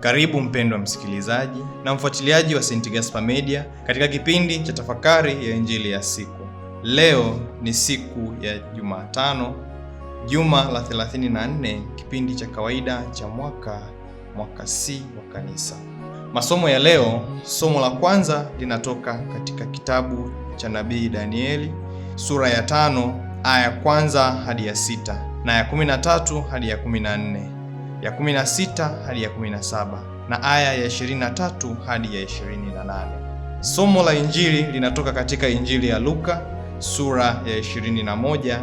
Karibu mpendwa msikilizaji na mfuatiliaji wa St. Gaspar Media katika kipindi cha tafakari ya injili ya siku. Leo ni siku ya Jumatano, juma la 34, kipindi cha kawaida cha mwaka mwaka C wa Kanisa. Masomo ya leo, somo la kwanza linatoka katika kitabu cha nabii Danieli sura ya tano aya ya kwanza hadi ya sita na ya 13 hadi ya 14 ya 16 hadi ya 17 na aya ya 23 hadi ya 28. Somo la Injili linatoka katika Injili ya Luka sura ya 21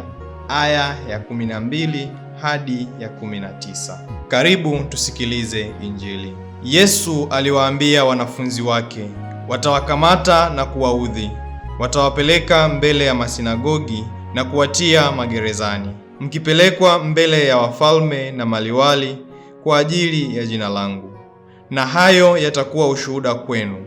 aya ya 12 hadi ya 19. Karibu tusikilize Injili. Yesu aliwaambia wanafunzi wake, watawakamata na kuwaudhi, watawapeleka mbele ya masinagogi na kuwatia magerezani, mkipelekwa mbele ya wafalme na maliwali kwa ajili ya jina langu, na hayo yatakuwa ushuhuda kwenu.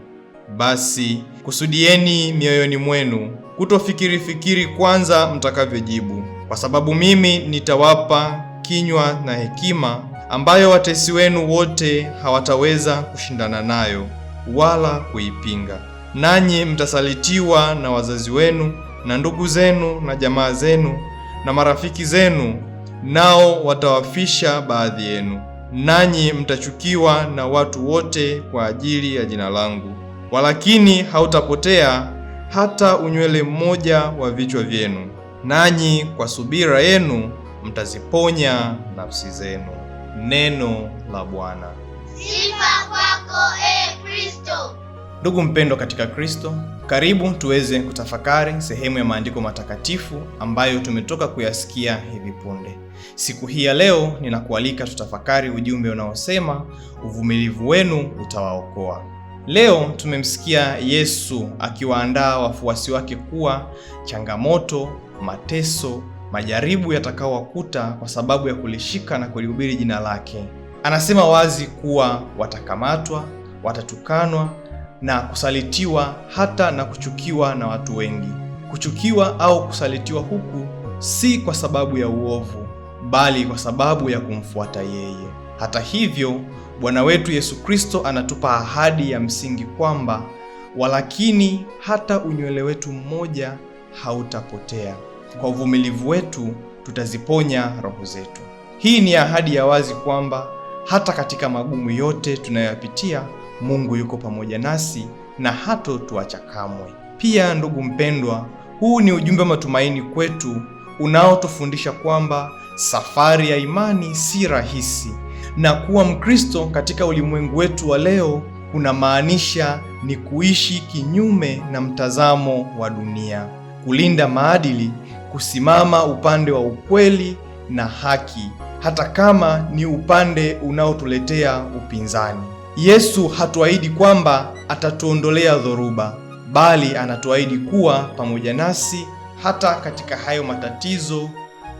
Basi kusudieni mioyoni mwenu kutofikiri fikiri kwanza mtakavyojibu, kwa sababu mimi nitawapa kinywa na hekima ambayo watesi wenu wote hawataweza kushindana nayo wala kuipinga. Nanyi mtasalitiwa na wazazi wenu na ndugu zenu na jamaa zenu na marafiki zenu, nao watawafisha baadhi yenu nanyi mtachukiwa na watu wote kwa ajili ya jina langu, walakini hautapotea hata unywele mmoja wa vichwa vyenu, nanyi kwa subira yenu mtaziponya nafsi zenu. Neno la Bwana. Sifa kwako, e Kristo. Ndugu mpendwa katika Kristo, karibu tuweze kutafakari sehemu ya maandiko matakatifu ambayo tumetoka kuyasikia hivi punde. Siku hii ya leo ninakualika tutafakari ujumbe unaosema uvumilivu wenu utawaokoa. Leo tumemsikia Yesu akiwaandaa wafuasi wake kuwa changamoto, mateso, majaribu yatakaowakuta kwa sababu ya kulishika na kulihubiri jina lake. Anasema wazi kuwa watakamatwa, watatukanwa na kusalitiwa hata na kuchukiwa na watu wengi. Kuchukiwa au kusalitiwa huku si kwa sababu ya uovu, bali kwa sababu ya kumfuata yeye. Hata hivyo, Bwana wetu Yesu Kristo anatupa ahadi ya msingi kwamba walakini hata unywele wetu mmoja hautapotea. Kwa uvumilivu wetu tutaziponya roho zetu. Hii ni ahadi ya wazi kwamba hata katika magumu yote tunayoyapitia Mungu yuko pamoja nasi na hato tuacha kamwe. Pia ndugu mpendwa, huu ni ujumbe wa matumaini kwetu unaotufundisha kwamba safari ya imani si rahisi, na kuwa Mkristo katika ulimwengu wetu wa leo kunamaanisha ni kuishi kinyume na mtazamo wa dunia, kulinda maadili, kusimama upande wa ukweli na haki, hata kama ni upande unaotuletea upinzani. Yesu hatuahidi kwamba atatuondolea dhoruba, bali anatuahidi kuwa pamoja nasi hata katika hayo matatizo,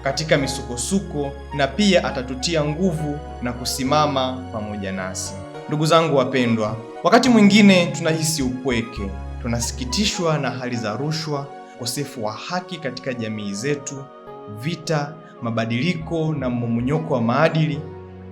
katika misukosuko, na pia atatutia nguvu na kusimama pamoja nasi. Ndugu zangu wapendwa, wakati mwingine tunahisi upweke, tunasikitishwa na hali za rushwa, ukosefu wa haki katika jamii zetu, vita, mabadiliko na mmomonyoko wa maadili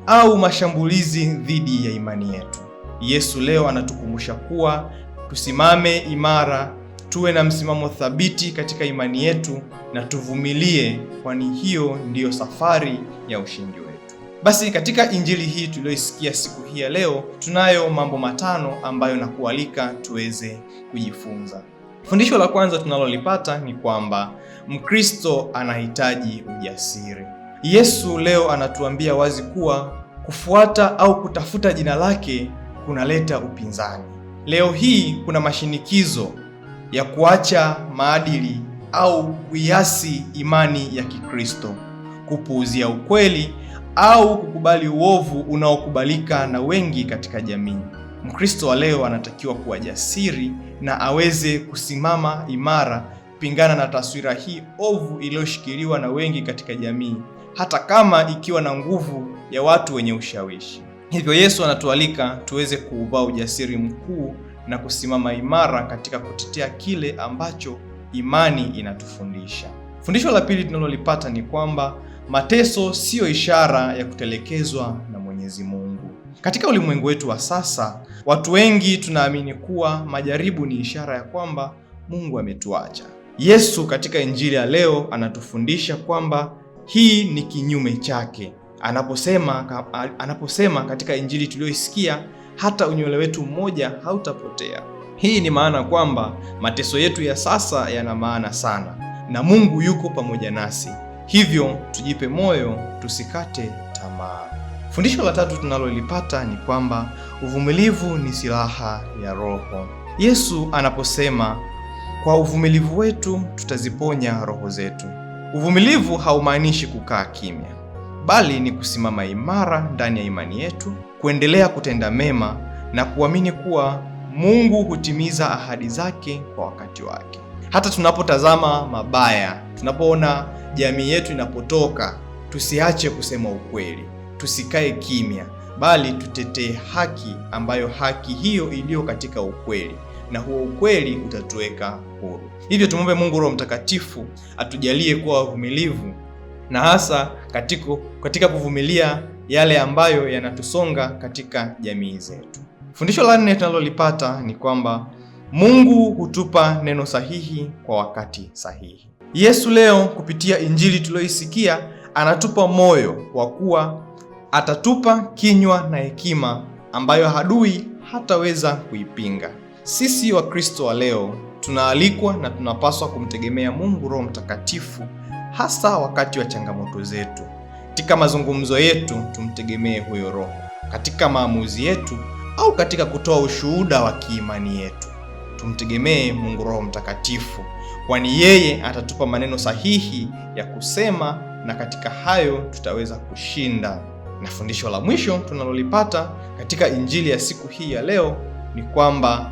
au mashambulizi dhidi ya imani yetu. Yesu leo anatukumbusha kuwa tusimame imara, tuwe na msimamo thabiti katika imani yetu na tuvumilie, kwani hiyo ndiyo safari ya ushindi wetu. Basi katika injili hii tuliyoisikia siku hii ya leo, tunayo mambo matano ambayo nakualika tuweze kujifunza. Fundisho la kwanza tunalolipata ni kwamba Mkristo anahitaji ujasiri. Yesu leo anatuambia wazi kuwa kufuata au kutafuta jina lake kunaleta upinzani. Leo hii kuna mashinikizo ya kuacha maadili au kuiasi imani ya Kikristo, kupuuzia ukweli au kukubali uovu unaokubalika na wengi katika jamii. Mkristo wa leo anatakiwa kuwa jasiri na aweze kusimama imara kupingana na taswira hii ovu iliyoshikiliwa na wengi katika jamii, hata kama ikiwa na nguvu ya watu wenye ushawishi. Hivyo Yesu anatualika tuweze kuuvaa ujasiri mkuu na kusimama imara katika kutetea kile ambacho imani inatufundisha. Fundisho la pili tunalolipata ni kwamba mateso siyo ishara ya kutelekezwa na Mwenyezi Mungu. Katika ulimwengu wetu wa sasa, watu wengi tunaamini kuwa majaribu ni ishara ya kwamba Mungu ametuacha. Yesu katika Injili ya leo anatufundisha kwamba hii ni kinyume chake anaposema, anaposema katika Injili tuliyoisikia hata unywele wetu mmoja hautapotea. Hii ni maana kwamba mateso yetu ya sasa yana maana sana na Mungu yuko pamoja nasi, hivyo tujipe moyo, tusikate tamaa. Fundisho la tatu tunalolipata ni kwamba uvumilivu ni silaha ya Roho. Yesu anaposema kwa uvumilivu wetu tutaziponya roho zetu, uvumilivu haumaanishi kukaa kimya bali ni kusimama imara ndani ya imani yetu, kuendelea kutenda mema na kuamini kuwa Mungu hutimiza ahadi zake kwa wakati wake. Hata tunapotazama mabaya, tunapoona jamii yetu inapotoka, tusiache kusema ukweli, tusikae kimya, bali tutetee haki ambayo haki hiyo iliyo katika ukweli na huo ukweli utatuweka huru. Hivyo tumwombe Mungu Roho Mtakatifu atujalie kuwa wavumilivu na hasa katiku, katika kuvumilia yale ambayo yanatusonga katika jamii zetu. Fundisho la nne tunalolipata ni kwamba Mungu hutupa neno sahihi kwa wakati sahihi. Yesu leo kupitia injili tuliyoisikia anatupa moyo wa kuwa atatupa kinywa na hekima ambayo adui hataweza kuipinga. Sisi Wakristo wa leo tunaalikwa na tunapaswa kumtegemea Mungu Roho Mtakatifu hasa wakati wa changamoto zetu. Katika mazungumzo yetu tumtegemee huyo Roho, katika maamuzi yetu au katika kutoa ushuhuda wa kiimani yetu tumtegemee Mungu Roho Mtakatifu, kwani yeye atatupa maneno sahihi ya kusema, na katika hayo tutaweza kushinda. Na fundisho la mwisho tunalolipata katika Injili ya siku hii ya leo ni kwamba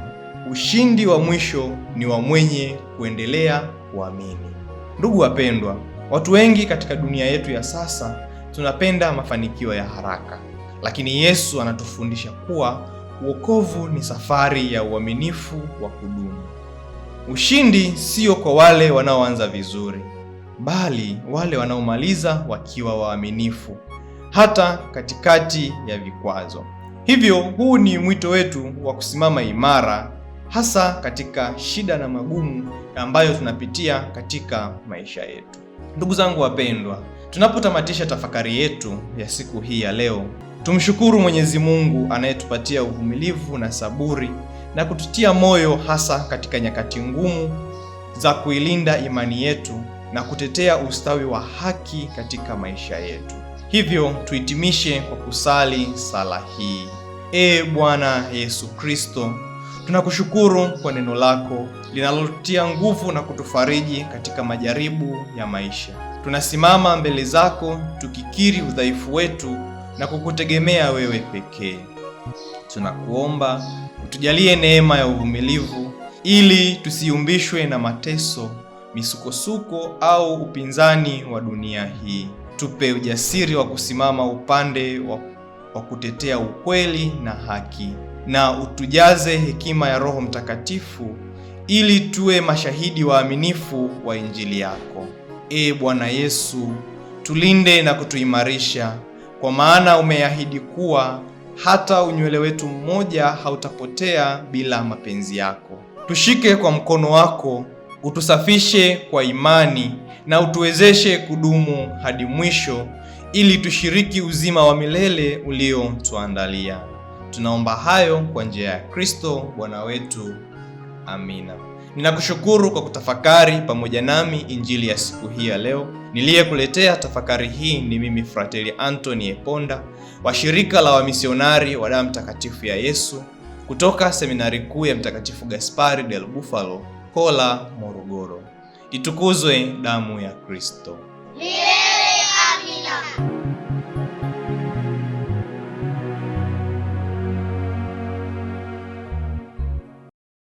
ushindi wa mwisho ni wa mwenye kuendelea kuamini. Ndugu wapendwa Watu wengi katika dunia yetu ya sasa tunapenda mafanikio ya haraka, lakini Yesu anatufundisha kuwa uokovu ni safari ya uaminifu wa kudumu. Ushindi sio kwa wale wanaoanza vizuri, bali wale wanaomaliza wakiwa waaminifu hata katikati ya vikwazo. Hivyo, huu ni mwito wetu wa kusimama imara, hasa katika shida na magumu ambayo tunapitia katika maisha yetu. Ndugu zangu wapendwa, tunapotamatisha tafakari yetu ya siku hii ya leo, tumshukuru Mwenyezi Mungu anayetupatia uvumilivu na saburi na kututia moyo hasa katika nyakati ngumu za kuilinda imani yetu na kutetea ustawi wa haki katika maisha yetu. Hivyo tuhitimishe kwa kusali sala hii. Ee Bwana Yesu Kristo Tunakushukuru kwa neno lako linalotia nguvu na kutufariji katika majaribu ya maisha. Tunasimama mbele zako tukikiri udhaifu wetu na kukutegemea wewe pekee. Tunakuomba utujalie neema ya uvumilivu ili tusiumbishwe na mateso, misukosuko au upinzani wa dunia hii. Tupe ujasiri wa kusimama upande wa, wa kutetea ukweli na haki na utujaze hekima ya Roho Mtakatifu ili tuwe mashahidi waaminifu wa Injili yako. Ee Bwana Yesu, tulinde na kutuimarisha, kwa maana umeahidi kuwa hata unywele wetu mmoja hautapotea bila mapenzi yako. Tushike kwa mkono wako, utusafishe kwa imani na utuwezeshe kudumu hadi mwisho, ili tushiriki uzima wa milele uliotuandalia. Tunaomba hayo kwa njia ya Kristo Bwana wetu. Amina. Ninakushukuru kwa kutafakari pamoja nami injili ya siku hii ya leo. Niliyekuletea tafakari hii ni mimi Frateli Anthony Eponda wa shirika la wamisionari wa damu mtakatifu ya Yesu kutoka seminari kuu ya Mtakatifu Gaspari del Bufalo, Kola, Morogoro. Itukuzwe damu ya Kristo!